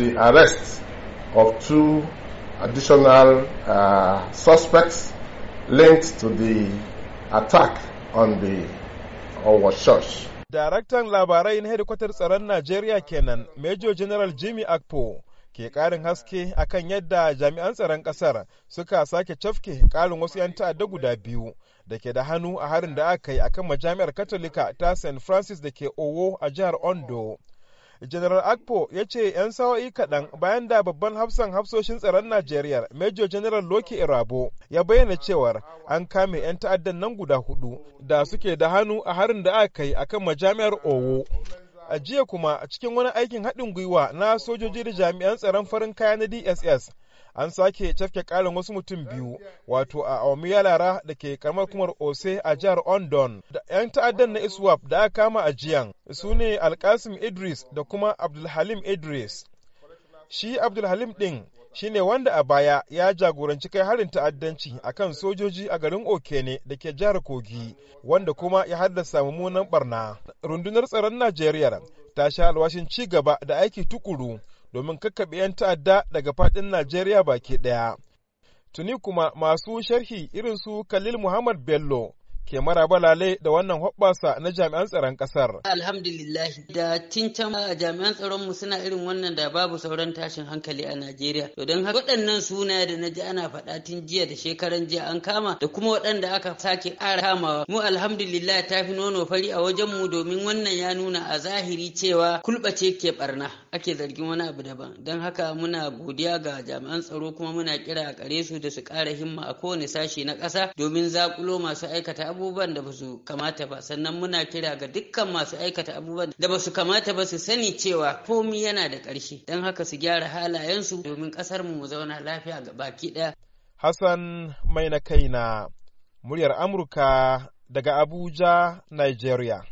the arrest of two additional uh, suspects linked to the attack on the our church. Daraktan labarai na hedikwatar tsaron Najeriya kenan, Major General Jimmy Akpo ke karin haske akan yadda jami'an tsaron kasar suka sake cafke karin wasu 'yan ta'adda guda biyu da ke da hannu a harin da aka yi akan majami'ar Katolika ta St. Francis da ke Owo a jihar Ondo. General Akpo ya ce 'yan sawa'i kaɗan bayan da babban hafsan hafsoshin tsaron Najeriya Major General Loki Irabo ya bayyana cewar an kame 'yan ta'addan nan guda hudu da suke da hannu a harin da aka kai akan majami'ar Owo. a jiya kuma cikin wani aikin haɗin gwiwa na sojoji da jami'an tsaron farin kaya na dss an sake cafke ƙarin wasu mutum biyu wato a Aumiya Lara da ke karamar kumar Ose a jihar Ondon da 'yan ta'addan na Iswap da aka kama a jiyan su ne Alkasim Idris da kuma Abdulhalim Idris. Shi Abdulhalim ɗin shi ne wanda a baya ya jagoranci kai harin ta'addanci a kan sojoji a garin Okene da ke jihar Kogi wanda kuma ya haddasa mummunan barna. Rundunar tsaron Najeriya ta sha alwashin ci gaba da aiki tukuru domin kakkaɓe 'yan ta'adda daga faɗin Najeriya baki ɗaya. Tuni kuma masu sharhi irin su Khalil Muhammad Bello ke mara balale da wannan hoɓɓasa na jami'an tsaron ƙasar. Alhamdulillah da cincin jami'an tsaron mu suna irin wannan da babu sauran tashin hankali a Najeriya. To don haka waɗannan sunaye da na ji ana faɗa tun jiya da shekaran jiya an kama da kuma waɗanda aka sake ƙara kamawa. Mu alhamdulillah ta fi nono fari a wajen mu domin wannan ya nuna a zahiri cewa kulɓace ke ɓarna. ake zargin wani abu daban. Don haka muna godiya ga jami'an tsaro kuma muna kira a kare su da su ƙara himma a kowane sashi na ƙasa domin zaƙulo masu aikata abu abubuwan da ba su kamata ba sannan muna kira ga dukkan masu aikata abubuwan da ba su kamata ba su sani cewa komi yana da ƙarshe don haka su gyara halayensu domin ƙasar mu zauna lafiya ga baki ɗaya. Hassan mai na kaina muryar Amurka daga Abuja, Nigeria.